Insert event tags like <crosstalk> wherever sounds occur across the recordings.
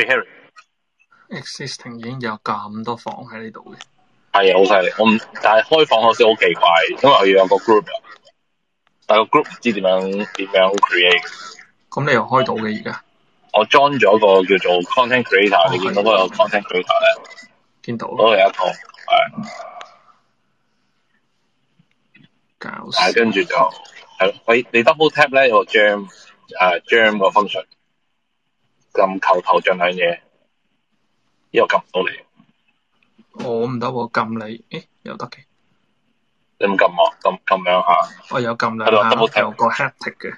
Hey、Existing 已經有咁多房喺呢度嘅，係啊好犀利。我唔但係開房好似好奇怪，因為我要有個 group，但係個 group 唔知點樣點樣 create。咁、嗯、你又開到嘅而家？我裝咗個叫做 Content Creator，哦、你見到嗰個 Content Creator 咧？見到。嗰度有一個係。教。係跟住就係你 double tap 咧，有 jam 誒 jam 個 function。撳球頭像兩嘢，因為我撳唔到你。我唔得喎，撳你，誒，又得嘅。你冇撳啊？撳撳兩下。我有撳兩,兩下，有個 haptic 嘅。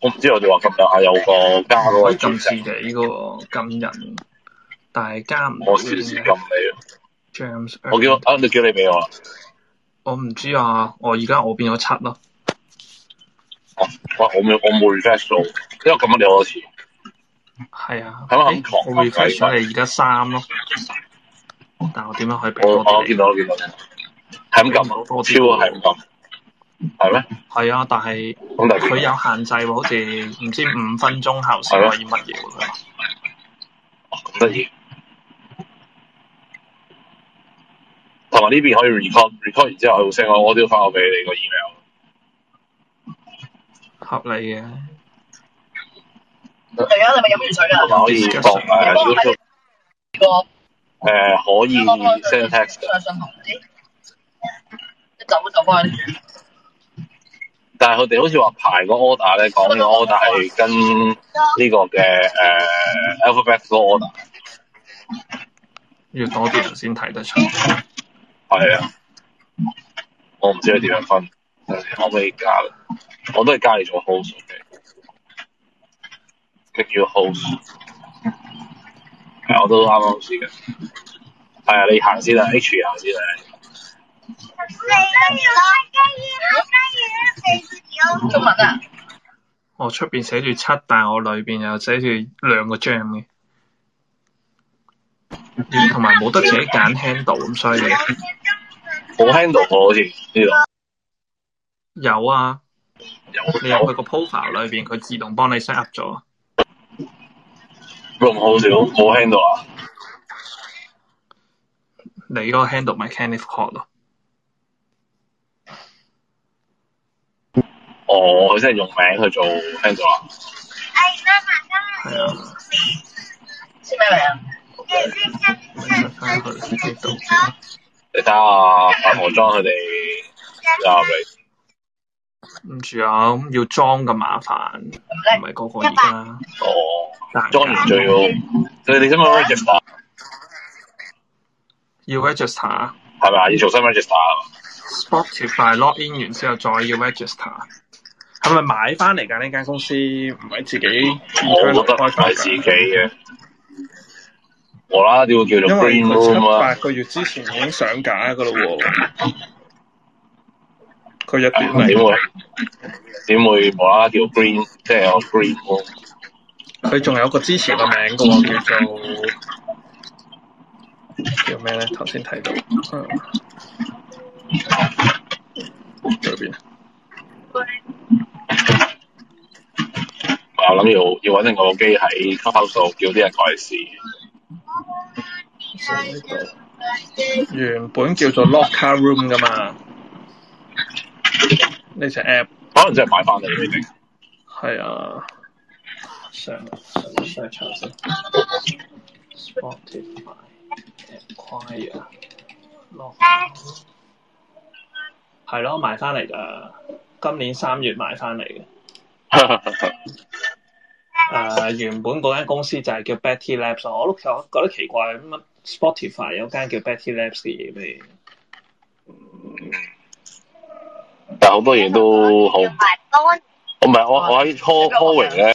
我唔知我就話撳兩下有個加嗰位。我撳自己噶喎，撳人，加唔到。我試試撳你。James 我叫你俾我。我唔知啊，我而家我變咗七咯、啊。我我冇 reject 因為咁樣兩多次，係啊，係咪、欸？我而家三咯，是是但我點樣可俾我見到、哦啊、見到，係咁啊，係咁係咩？係啊，但係佢有限制喎，好似唔知五分鐘後先可以乜嘢？得同埋呢邊可以 record record 完之後好聲，我我都要發我俾你個 email，合理嘅。係啊，你咪飲完水噶，可以放埋呢個誒，可以 send text。上但係佢哋好似話排個 order 咧，講嘅 order 係跟呢個嘅誒 alphabet order，要多啲頭先睇得出。係啊、嗯，我唔知佢點樣分，可唔可以加？我都係加你做 hold 嘅。叫 h o s, host. S,、mm hmm. yeah, 我都啱啱試嘅。係啊、 <laughs> 哎，你行先啦，H 行先啦。啊，我出邊寫住七，但我裏邊又寫住兩個張嘅。同埋冇得自己揀 handle，咁所以冇 handle 我好似呢度有啊， <music> 你有佢個 profile 裏邊，佢自動幫你 set up 咗咁好少，冇好 handle 啊！你嗰個 handle 咪 Kenneth Cole 咯？哦，佢真係用名去做 handle 啊！係啊，識咩嚟啊？你睇下粉紅裝佢哋，啱唔啱？唔住啊！咁要裝咁麻煩，唔係個個而家。join 仲要，你你想咪 register？要 register 係咪？要重新 register？Spotify login 完之後再要 register，係咪買翻嚟噶呢間公司？唔係自己，我覺得係自己嘅，無啦啦點會叫做 green 咯？因為佢七八個月之前已經上架噶咯，佢一點嚟？點會點會無啦啦叫 green？即係我 green 咯？佢仲有一個支持個名嘅喎，叫做叫咩咧？頭先睇到，嗯，喺邊啊？邊，我諗要要揾定個機喺卡包度，叫啲人改線。原本叫做 Locker Room 嘅嘛，呢隻 App 可能真係買翻嚟已經係啊。上上上場先，Spotify Acquire，攞係咯買翻嚟㗎，今年三月買翻嚟嘅。誒、 <laughs> 呃，原本嗰間公司就係叫 Betty Labs，我 look 覺,覺得奇怪，乜 Spotify 有間叫 Betty Labs 嘅嘢咩？嗯、 <music> 但好多嘢都好，唔係我我喺 Co c o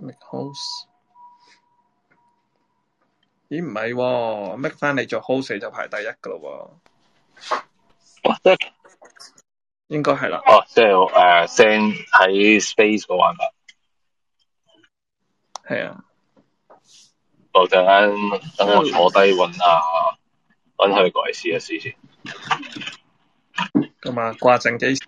make host 咦唔係，make 翻你做 host 你就排第一噶咯、哦，哇 What that?、oh, 即應該係啦，哦即係誒 send 喺 space 嗰個玩法係啊，我等陣等我坐低搵下，搵下佢過嚟試一試先，咁啊掛正機。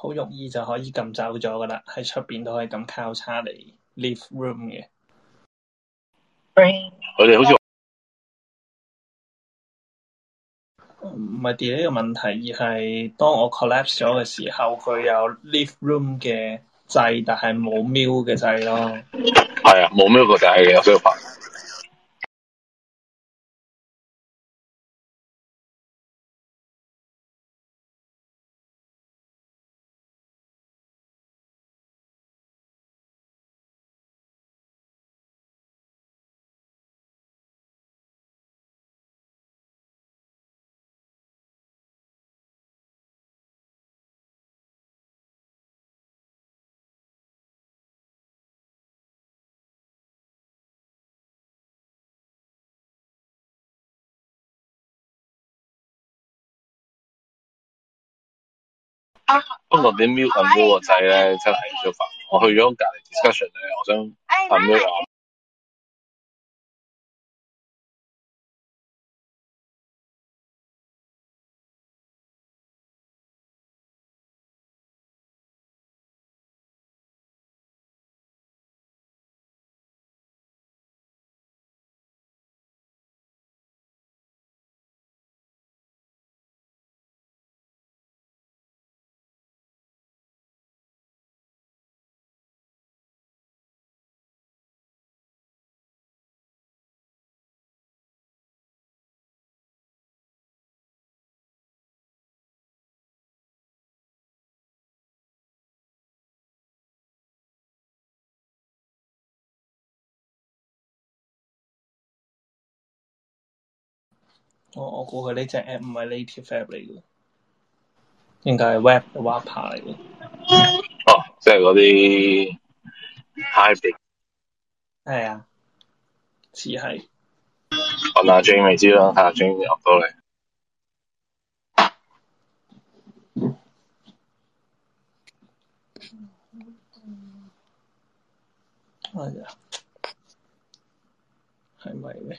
好容易就可以撳走咗噶啦，喺出邊都可以咁交叉嚟 Live Room 嘅。佢哋好似唔係 delay 嘅問題，而係當我 collapse 咗嘅時候，佢有 Live Room 嘅掣，但係冇 MIL 嘅掣咯。係啊，冇 MIL 個掣嘅有呢個。啊啊、不過啲 mute 咁多，個掣咧，真係超煩。我去咗隔籬 discussion 咧，我想問咩話？我我估佢呢隻 app 唔係 native app 嚟嘅，應該係 web 嘅話牌嚟嘅。哦，即係嗰啲 high bid。係啊，似係。我問阿 J 咪知咯，係阿 J 學到你。哎呀，係咪咩？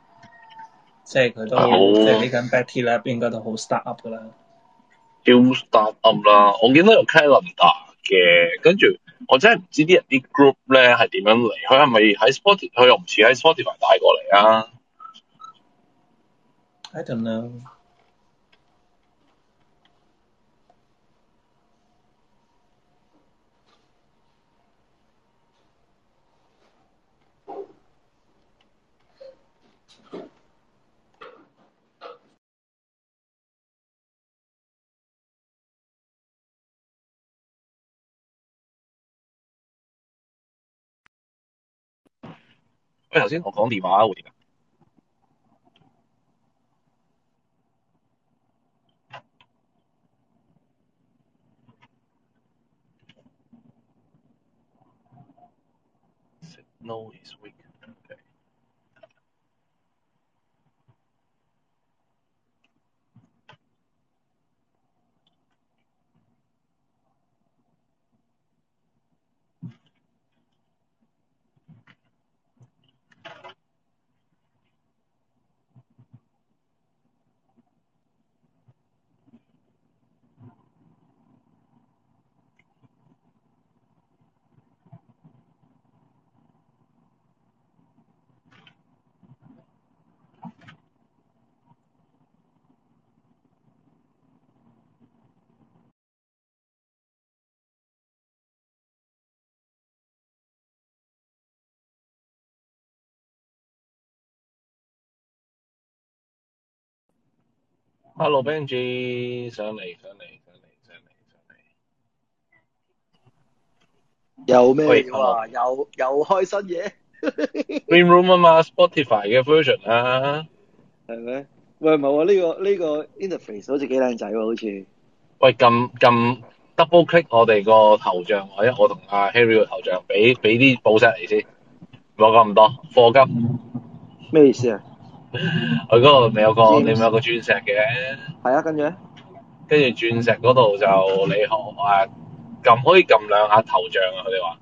即係佢都、啊、即係呢間 BackTea Lab 應該都好 start up 噶啦，好 start up 啦！我見到有 calendar 嘅，跟住我真係唔知啲人啲 group 咧係點樣嚟，佢係咪喺 sport？佢又唔似喺 spotify 帶過嚟啊？I don't know。喂，頭先我講電話喎。我點啊？ <music> <music> Hello Benji，上嚟上嚟上嚟上嚟上嚟，有咩料啊？又又開新嘢？Green Room 啊嘛，Spotify 嘅 version 啊，係咪？喂，唔係喎，呢個呢個 interface 好似幾靚仔喎，好似。喂，撳撳 double click 我哋個頭像，或者我同阿 Harry 個頭像，俾俾啲寶石嚟先，冇咁多課金。咩意思啊？佢嗰度未有個，Games. 你咪有個鑽石嘅。係啊，跟住咧，跟住鑽石嗰度就你好誒撳，可以撳兩下頭像啊，佢哋話，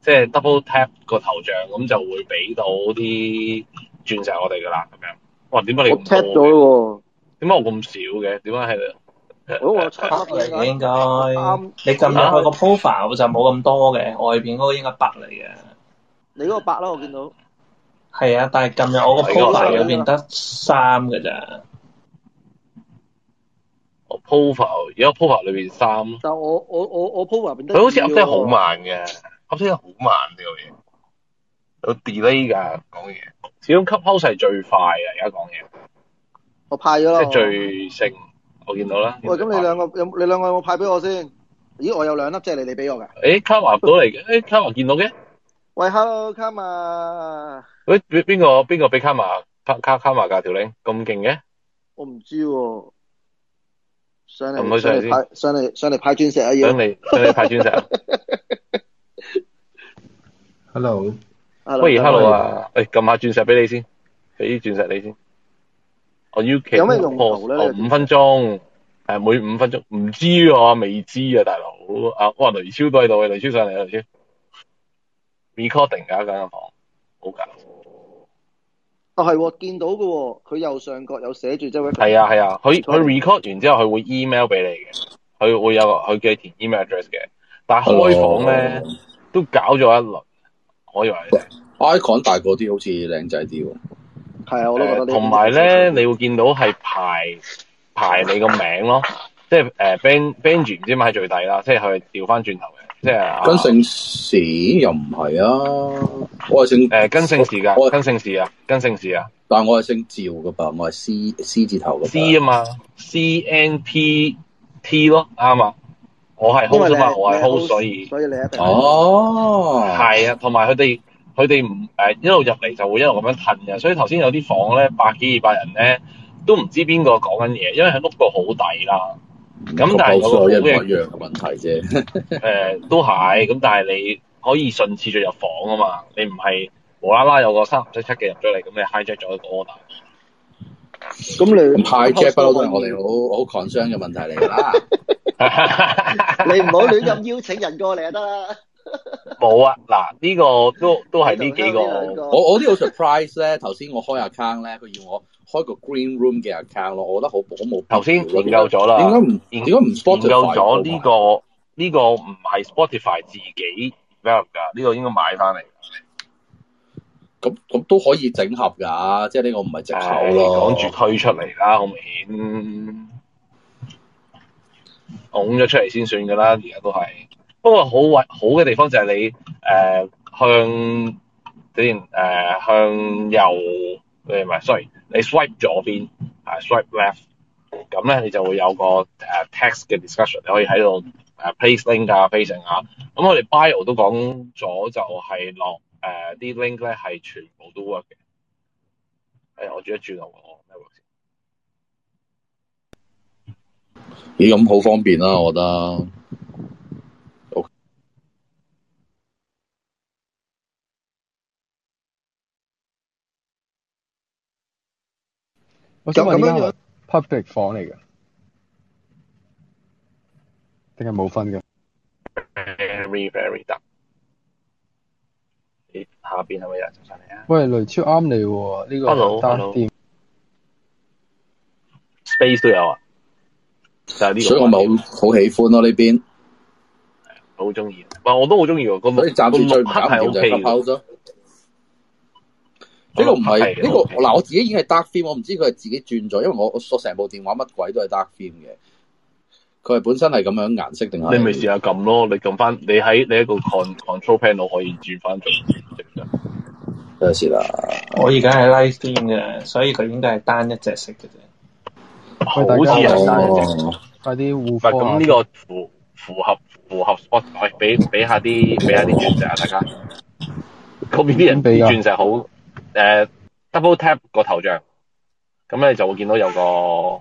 即係 double tap 個頭像，咁就會俾到啲鑽石我哋噶啦，咁樣。哇，點解你唔 tap 咗喎？點解我咁少嘅？點解係？我我差嚟嘅應該。我你撳下佢個 profile 就冇咁多嘅，外面嗰個應該 bug 嚟嘅。你嗰個 bug 咯，我見到。係啊，但係近日我個 profile 裏邊得三嘅咋。我 profile 而家 profile 裏邊三，但我我我我 profile 裏邊得佢好似 Up 得好慢嘅，Up 得好慢呢個嘢有 delay 㗎，講嘢始終 capture 係最快嘅。而家講嘢我派咗啦，即係最勝、嗯、我見到啦。喂，咁你，你兩個有你兩個有冇派俾我先？咦，我有兩粒即係嚟你哋俾我㗎。誒，卡華到嚟嘅，誒，卡華見到嘅。喂，hello，卡華。喂，邊個邊個俾卡瑪卡卡卡瑪架條領咁勁嘅？我唔知、啊，上嚟上嚟來派上嚟上嚟派鑽石啊！要上嚟上嚟派鑽石 <laughs> <laughs> hello h e l l o 不如 Hello 啊！誒、啊，撳、欸、下鑽石俾你先，俾鑽石你先。我 U K 有咩用哦，五分鐘，係 <laughs> 每五分鐘，唔知喎、啊，未知啊，大佬。啊，哇，雷超都喺度嘅，雷超上嚟、啊、雷超。Recording 間、啊那個、房間好緊。啊，係、哦哦、見到嘅、哦，佢右上角有寫住即係。係啊係啊，佢佢、啊、record 完之後，佢會 email 俾你嘅，佢會有佢嘅填 email address 嘅。但係開房咧 Hello. 都搞咗一輪，我以為 icon 大個啲，好似靚仔啲。係啊，我都覺得同埋咧，呢你會見到係排排你個名咯，即係誒 ben benjy 唔知咪喺最底啦，即係佢調翻轉頭嘅。即係、啊、跟姓氏又唔係啊，我係姓誒跟姓氏噶，跟姓氏啊我，跟姓氏啊，但係我係姓趙噶噃，我係 C C 字頭噶。C 啊嘛，C N P T 咯，啱啊，我係 H 啫嘛，是我係 hose，是 hose，所以所以你一定哦，係啊，同埋佢哋佢哋唔誒一路入嚟就會一路咁樣褪嘅，所以頭先有啲房咧百幾二百人咧都唔知邊個講緊嘢，因為喺屋度好抵啦。咁但係個好嘅一樣問題啫。 <laughs> 都係咁，但係你可以順次進入房啊嘛。你唔係無啦啦有個三七七嘅入咗嚟，咁你 hijack 咗一個 order。咁 <laughs> 你 hijack 不嬲都係我哋好好 concern 嘅問題嚟㗎啦。 <laughs> <laughs> 你唔好亂咁邀請人過嚟就得啦。冇 <laughs> 啊，嗱呢、這個都都係呢幾個，好啊這個、 <laughs> 我我都好 surprise 咧。頭先我開 account 咧，佢要我開個 green room 嘅 account 咯，我覺得好好冇。頭先研究咗啦，點解唔點解唔研究咗呢、這個呢、這個唔係 Spotify 自己 d 噶？呢、這個應該買翻嚟，咁咁都可以整合噶，即係呢個唔係借口咯。講住推出嚟啦，好唔好？拱、嗯、咗出嚟先算噶啦，而家都係。嗯嗯不過好好嘅地方就係你、呃、向、呃、向右誒唔係 sorry，你 swipe 左邊啊、uh, swipe left，咁咧你就會有個、uh, text 嘅 discussion，你可以喺度誒 place link 啊，place 成啊。咁我哋 bio 都講咗就係落誒啲、uh, link 咧係全部都 work 嘅。誒、哎、我仲要轉頭喎，等我先。咦咁好方便啦、啊，我覺得。我想問一下，public 房嚟嘅定係冇分嘅？Very very dark。下邊係咪啊？上嚟喂，雷超啱你喎，呢、呢個單店。Hello, hello. Space 都有啊，就係、係呢個。所以我唔係好好喜歡咯、啊、呢邊。好中意。唔我，、啊、我都好中意喎，咁所以暫時最黑嘅係吸泡呢個唔係呢個嗱 okay.、啊，我自己已經係 dark theme，我唔知佢係自己轉咗，因為我我成部電話乜鬼都係 dark theme 嘅，佢係本身係咁樣顏色定係？你咪試下撳咯，你撳翻你喺你一個 control panel 可以轉翻做。等下先啦，是我而家係 light theme 嘅，所以佢應該係單一隻色嘅啫，好似係單一隻色。快啲互，咁呢個符符合符合 spot，可以俾俾下啲俾下啲鑽石啊，大家。嗰邊啲人鑽石好。誒，double tap 個頭像，咁咧就會見到有個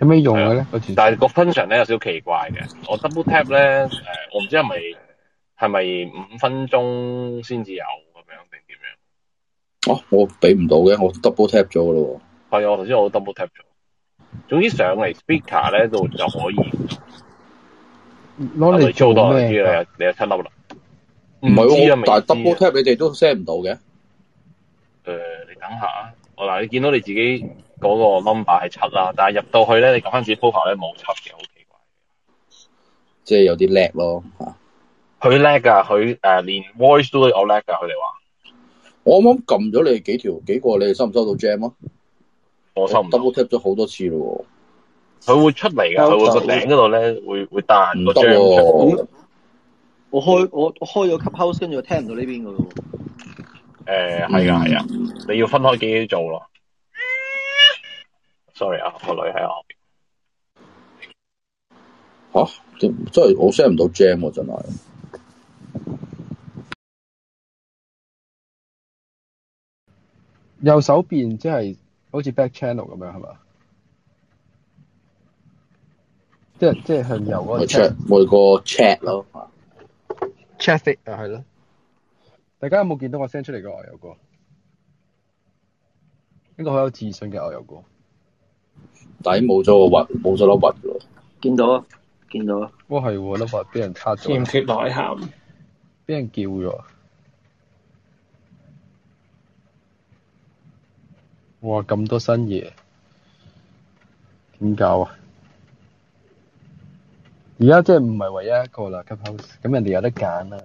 有咩用嘅咧。但係個 function 咧有少奇怪嘅。我 double tap 咧，誒，我唔知係咪係咪五分鐘先至有咁樣定點樣？哦，我俾唔到嘅，我 double tap 咗嘅咯。係啊，我頭先我 double tap 咗，總之上嚟 speaker 咧就就可以。攞嚟做多啲啊！你你一粒啦，唔係，但係 double tap 你哋都 send 唔到嘅。等下啊！我嗱，你見到你自己嗰個 number 係七啦，但係入到去咧，你撳返自己 profile 咧冇七嘅，好奇怪嘅。即係有啲叻咯，吓！佢叻噶，佢誒連 voice 都有叻噶，佢哋話。我啱啱撳咗你幾條幾個，你哋收唔收到 jam 啊？我收唔到。double tap 咗好多次咯。佢會出嚟噶，佢會個頂嗰度咧會會彈個 jam 出嚟。我開我開咗吸 house，跟住我聽唔到呢邊噶咯。誒，係啊、嗯，係啊，你要分開自己做咯。Sorry 我啊，個女喺我 jam。吓？點真係我 send 唔到 jam 喎，真係。右手邊即係好似 back channel 咁樣，係嘛？即係即係向右嗰個 chat, chat，每個 chat 咯。t h a i c 係咯。大家有冇見到我 send 出嚟個牛油果？一個好有自信嘅牛油果，底冇咗個核，冇咗粒核咯。見到啊，見到啊。哇，係粒核俾人拆咗。欠缺內涵，俾人叫咗。哇，咁多新嘢，點搞啊？而家即係唔係唯一一個啦 compose 咁，人哋有得揀啦。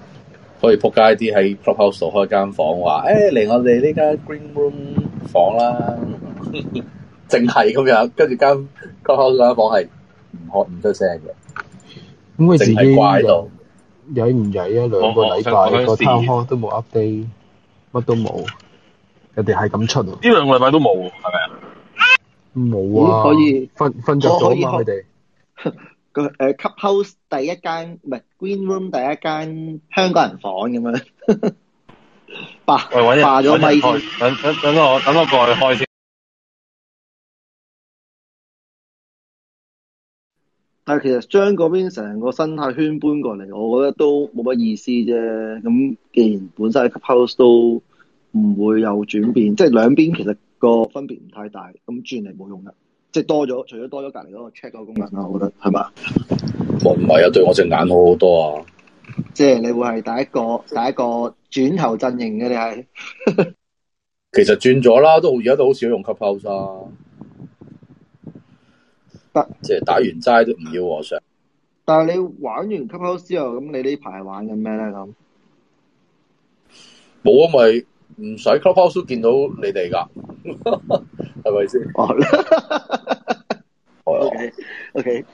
可以仆街啲喺 Clubhouse 開間房，話誒，嚟我哋呢間 Green Room 房啦，淨係咁樣，跟住間 Clubhouse 間房係唔開唔出聲嘅。咁佢自己又曳唔曳啊？兩個禮拜個攤開都冇 update，乜都冇，人哋係咁出。呢兩個禮拜都冇，係咪啊？冇啊！可以瞓瞓着咗嘛？佢哋。個、呃、cuphouse 第一間唔係 green room 第一間香港人房咁樣， <laughs> 霸霸咗咪等等等我等我過去開先。 <laughs> 但係其實將嗰邊成個生態圈搬過嚟，我覺得都冇乜意思啫。咁既然本身 cuphouse 都唔會有轉變，即係兩邊其實個分別唔太大，咁轉嚟冇用啦。即係多咗，除咗多咗隔籬嗰個 check 嗰個功能咯，我覺得係嘛？我唔係啊，對我隻眼好好多啊！即係你會係第一個，第一個轉頭陣營嘅你係？ <laughs> 其實轉咗啦，都而家都好少用 Clubhouse 啦、啊。得但即係打完齋都唔要和尚。但係你玩完 Clubhouse 之後，咁你的什麼呢排玩緊咩咧？咁冇啊，咪唔使 Clubhouse 都見到你哋噶，係咪先？哦 <laughs> O K，O K，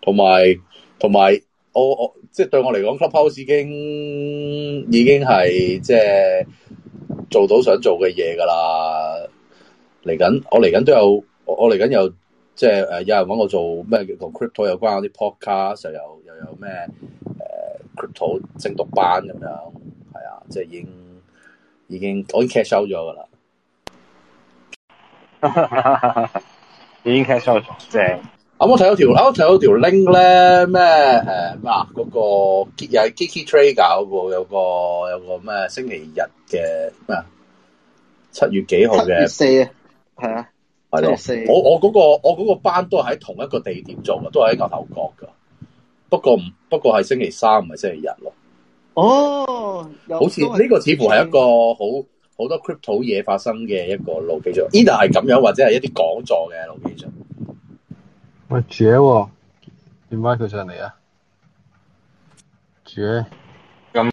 同埋同埋，我我即係對我嚟講 Clubhouse 已經已經係即係做到想做嘅嘢噶啦。嚟緊我嚟緊都有，我嚟緊有，即係誒，有人搵我做咩同 Crypto 有關嗰啲 Podcast，又又又有咩誒 Crypto 精讀班咁樣，係啊，即係已經已經我已經 cash out 咗噶啦。 <laughs> 已經開始做正。咁我睇到條，我睇到條 link 咧，咩誒，咩啊？嗰個又係 Kiki Trader 嗰個有個有個咩星期日嘅咩啊？七月幾號嘅？七月四啊，係啊，七月四。我我嗰個我嗰個班都係喺同一個地點做嘅，都係喺牛頭角噶。不過唔不過係星期三唔係星期日咯。哦，好似呢個似乎係一個好。好多 crypto 嘢發生嘅一個路基上，呢度係咁樣，或者係一啲講座嘅路基上。喂，姐喎、哦，點解佢上嚟啊？姐，咁呢、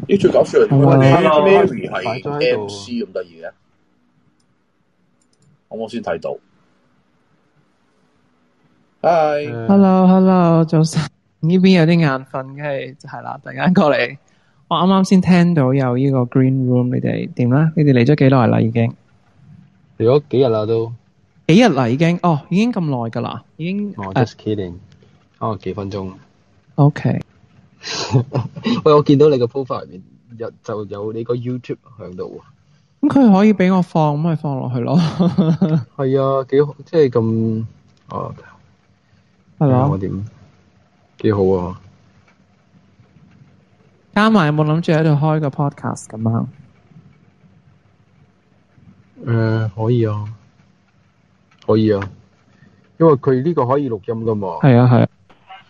嗯欸、最搞笑 hello，Mary、啊、係 MC 咁得意嘅，我冇先睇到。hi，Hey，hello，hello 早晨，呢邊有啲眼瞓，係就係啦，突然間過嚟。我啱啱先聽到有呢個 Green Room，你哋點啦？你哋嚟咗幾耐啦？已經嚟咗幾日啦？都幾日啦？已經哦，已經咁耐噶啦，已經。我、oh, just k、啊、哦，幾分鐘。OK。 <laughs> 喂，我見到你個 profile 入面就有你個 YouTube 響度啊，咁佢、嗯、可以俾我放，咁咪放落去咯。係 <laughs> 啊，幾好即係咁哦，係咯 Hello?、哦，我點？幾好啊！加埋有冇諗住喺度開個 podcast 咁樣。誒、呃，可以啊，可以啊，因為佢呢個可以錄音㗎嘛。係啊係啊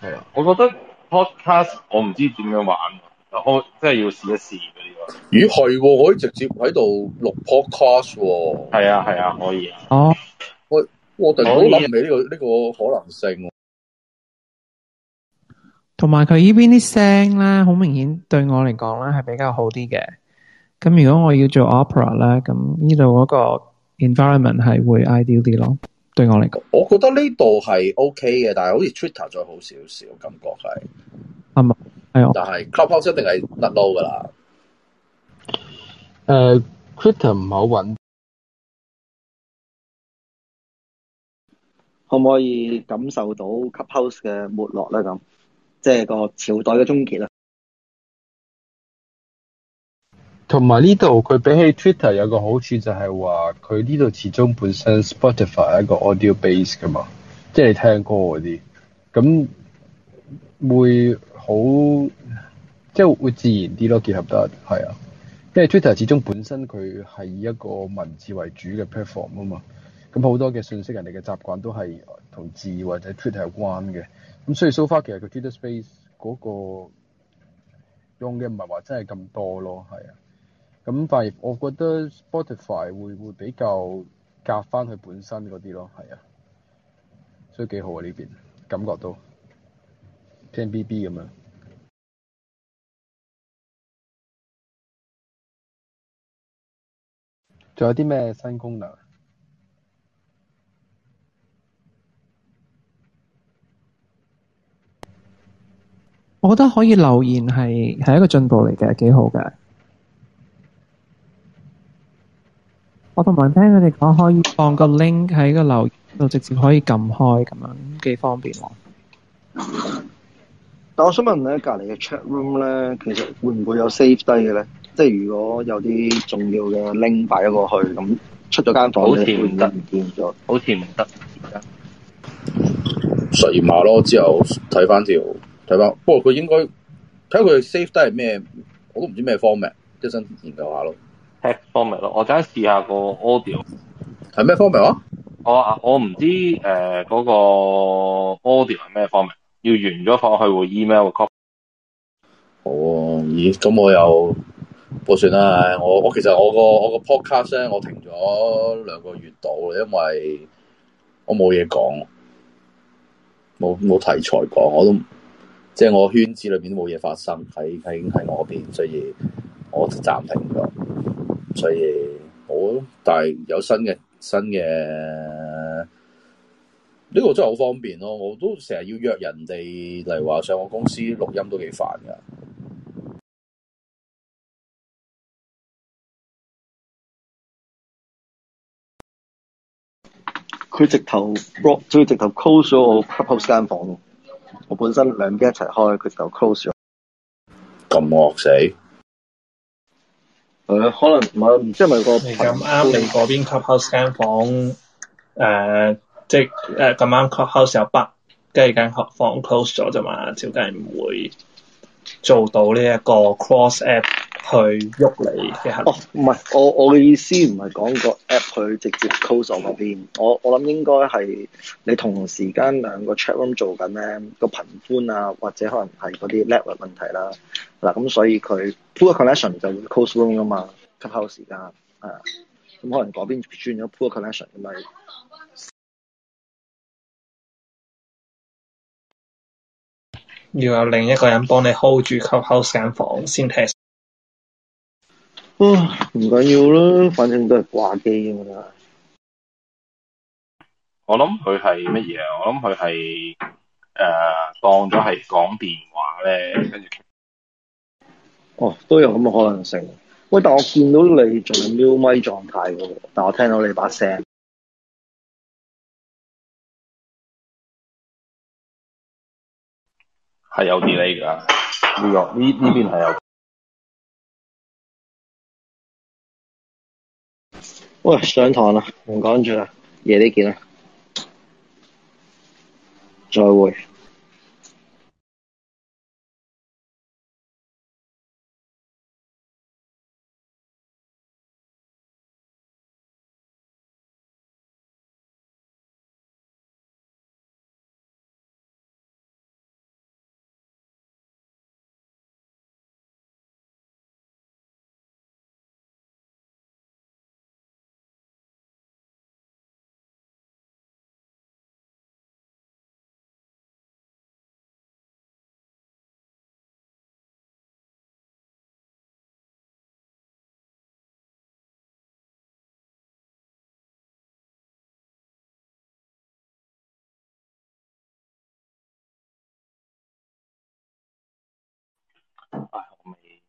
係啊。啊啊我覺得 podcast 我唔知點樣玩，我真係要試一試嗰啲。這個、咦，係、啊、可以直接喺度錄 podcast？係啊係啊,啊，可以。啊。哦，我我突然間諗起呢、這個呢以個可能性。同埋佢依邊啲聲咧，好明顯對我嚟講咧係比較好啲嘅。咁如果我要做 Opera 咧，咁呢度嗰個 environment 係會 ideal 啲咯，對我嚟講。我覺得呢度係 OK 嘅，但係好似 Twitter 再好少少，感覺係。啊係啊。但係 Clubhouse 一定係 not low 噶啦。誒，Twitter、uh, 唔好搵。可唔可以感受到 Clubhouse 嘅沒落咧？咁？即係個朝代嘅終結啦，啊。同埋呢度佢比起 Twitter 有個好處就係話，佢呢度始終本身 Spotify 係一個 audio base 噶嘛，即係你聽歌嗰啲，咁會好即係會自然啲咯，結合得係啊。因為 Twitter 始終本身佢係以一個文字為主嘅 platform 啊嘛，咁好多嘅信息，人哋嘅習慣都係同字或者 Twitter 有關嘅。咁、嗯、所以 so far 其實個 Twitter Space 嗰個用嘅唔係話真係咁多咯，係啊。咁但係我覺得 Spotify 會會比較夾翻佢本身嗰啲咯，係啊。所以幾好啊，呢邊感覺到。聽 B B 咁樣。仲有啲咩新功能？我覺得可以留言係係一個進步嚟嘅，幾好嘅。我同埋聽佢哋講，可以放個 link 喺個留言度，直接可以撳開咁樣，幾方便。但我想問呢，隔籬嘅 chat room 咧，其實會唔會有 save 低嘅咧？即係如果有啲重要嘅 link 擺咗過去，咁出咗間房，好似唔得唔見咗，好似唔得。而家垂馬咯，之後睇翻條。係啦，不過佢應該睇下佢 save 都係咩，我都唔知咩 format，r m 即係先研究一下咯。hex format 咯，我等下試下個 audio 係咩 format 啊？我啊，我唔知誒嗰個 audio 係咩 format，要完咗放去會 email 個 copy。好啊，咦？咁我又冇算啦。我我其實我個我個 podcast 咧，我停咗兩個月到，因為我冇嘢講，冇冇題材講，我都。即係我的圈子裏面都冇嘢發生，喺喺喺我嗰邊，所以我就暫停咗。所以我，但係有新嘅新嘅，呢個真係好方便咯！我都成日要約人哋嚟話上我公司錄音都幾煩㗎。佢直頭，最直頭 call 咗我吸 House 間房。我本身兩邊一齊開，佢就 close 咗。咁惡死？誒、呃，可能唔係，唔知係咪個咁啱你嗰邊 clubhouse 間房誒、呃，即係誒、呃、咁啱 clubhouse 有 bug 跟住，間房 close 咗咋嘛，就梗唔會做到呢一個 cross app。去喐你嘅係哦，唔係，我我嘅意思唔係講個 app 去直接 close 我嗰邊，我我諗應該係你同時間兩個 chatroom 做緊咧個頻寬啊，或者可能係嗰啲 l e v e l c y 問題啦，嗱，咁所以佢 pull collection 就會 close room 啊嘛，吸 h 口時間係啊，咁可能嗰邊轉咗 pull collection 咁咪要有另一個人幫你 hold 住吸 house 房間房先 test。唔緊要啦，反正都係掛機㗎嘛。我諗佢係乜嘢啊？我諗佢係誒當咗係講電話咧。跟住哦都有咁嘅可能性。喂，但我見到你仲有 mute 狀態喎，但我聽到你把聲係有 delay 㗎，呢、呢個呢呢邊係有。喂，上堂啦，唔講住啦，夜啲見啦，再會。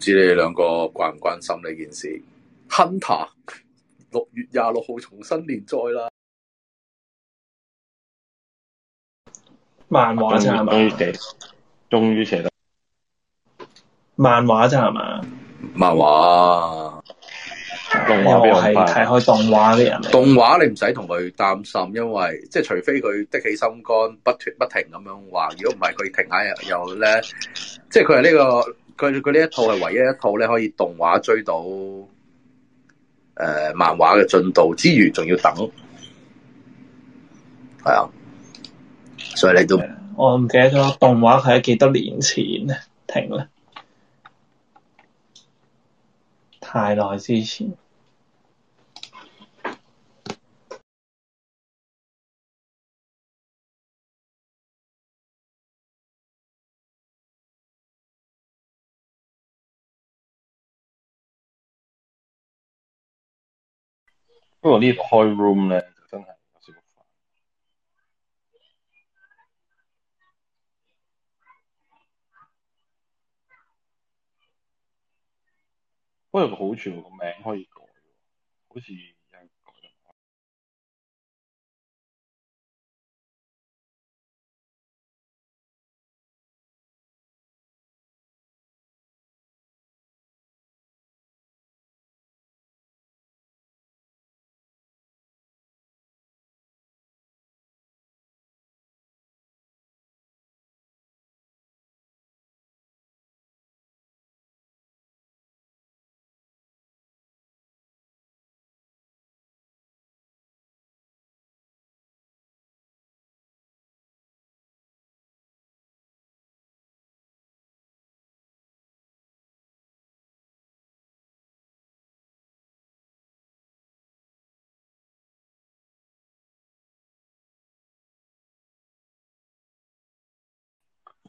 唔知你哋兩個關唔關心呢件事？Hunter 六月廿六號重新連載啦，漫畫啫係嘛？終於寫，終於寫到漫畫啫係嘛？漫畫我係睇開動畫嘅人，動畫你唔使同佢擔心，因為即係除非佢的起心肝，不斷不停咁樣話。如果唔係，佢停下又咧，即係佢係呢個。佢佢呢一套係唯一一套咧可以動畫追到漫畫嘅進度，之餘仲要等，係啊，所以你都我唔記得咗動畫係幾多年前停咧，太耐之前。不過呢度開 room 呢，就真係有少少煩。不過個好處個名可以改喎，好似。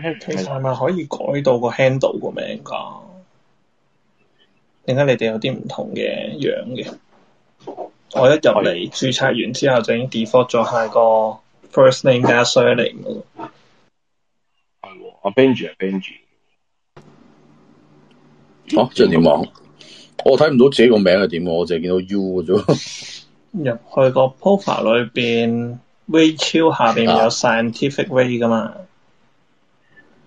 其實係咪可以改到個 handle 個名㗎？點解你哋有啲唔同嘅樣嘅？我一入嚟註冊完之後就已經 default 咗，係個 first name 加 surname 咯。係喎，阿 Benji，阿 Benji。哦，即係點啊？我睇唔到自己個名係點喎，我就係見到 U 啫 <laughs> 。入去個 profile 裏邊 Rachel 下面有 scientific way 噶嘛。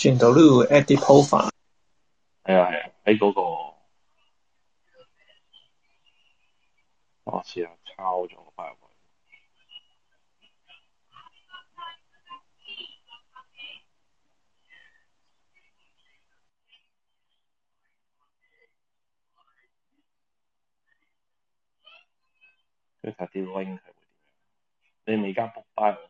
轉到呢個 Edit Profile，係啊係啊，喺嗰個，哦，是啊，是那個，啊抄咗快喎，跟住睇啲 link 佢，你未加 book file。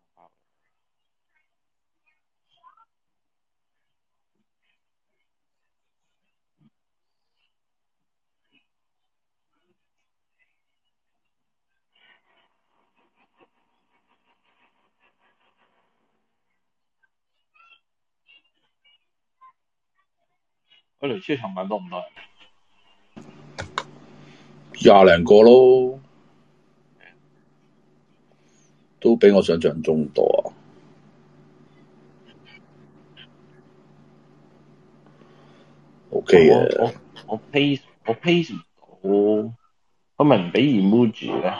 我哋超尋晚多唔多人？廿零個囉，都比我想象中多啊，OK 啊。O K 嘅，我我 pay 我 pay 唔到我，佢咪唔俾 emoji 咧？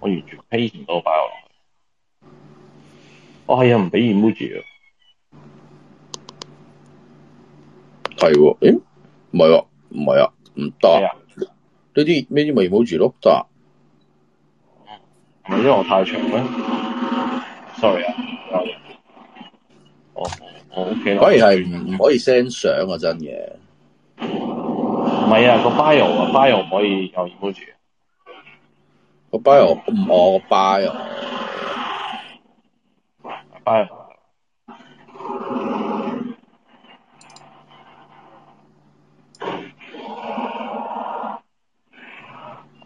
我完全 pay 唔到，我擺落去。我係又唔俾 emoji。是不是不係喎，誒，唔係啊，唔係啊，唔得，呢啲咩啲咪冇住咯，得，唔係、啊、因為我太長啊，sorry 啊，sorry，哦，我 OK 啦，反而係唔可以 send 相啊，真嘅，唔係啊，個 bio 啊，bio 唔可以有 emoji，個 bio 唔我個 bio，bio <noise>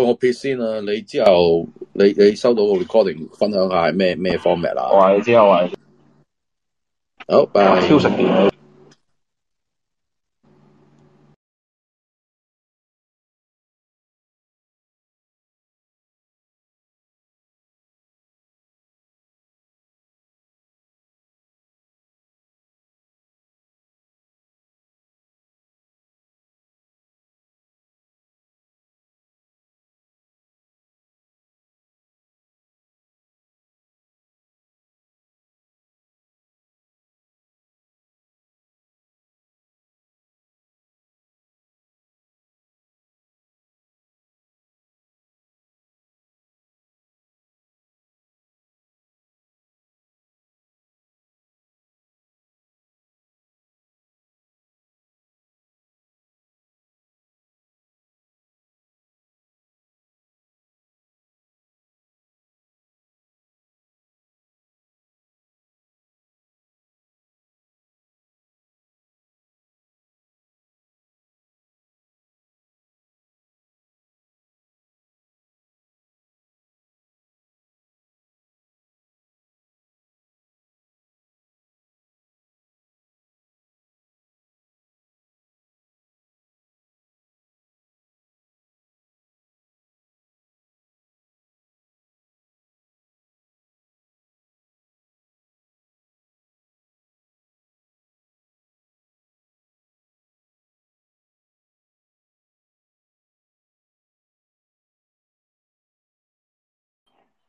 我撇先啦，你之後你你收到個 recording，分享下係咩咩 format 啦。我係之後係，好，拜拜。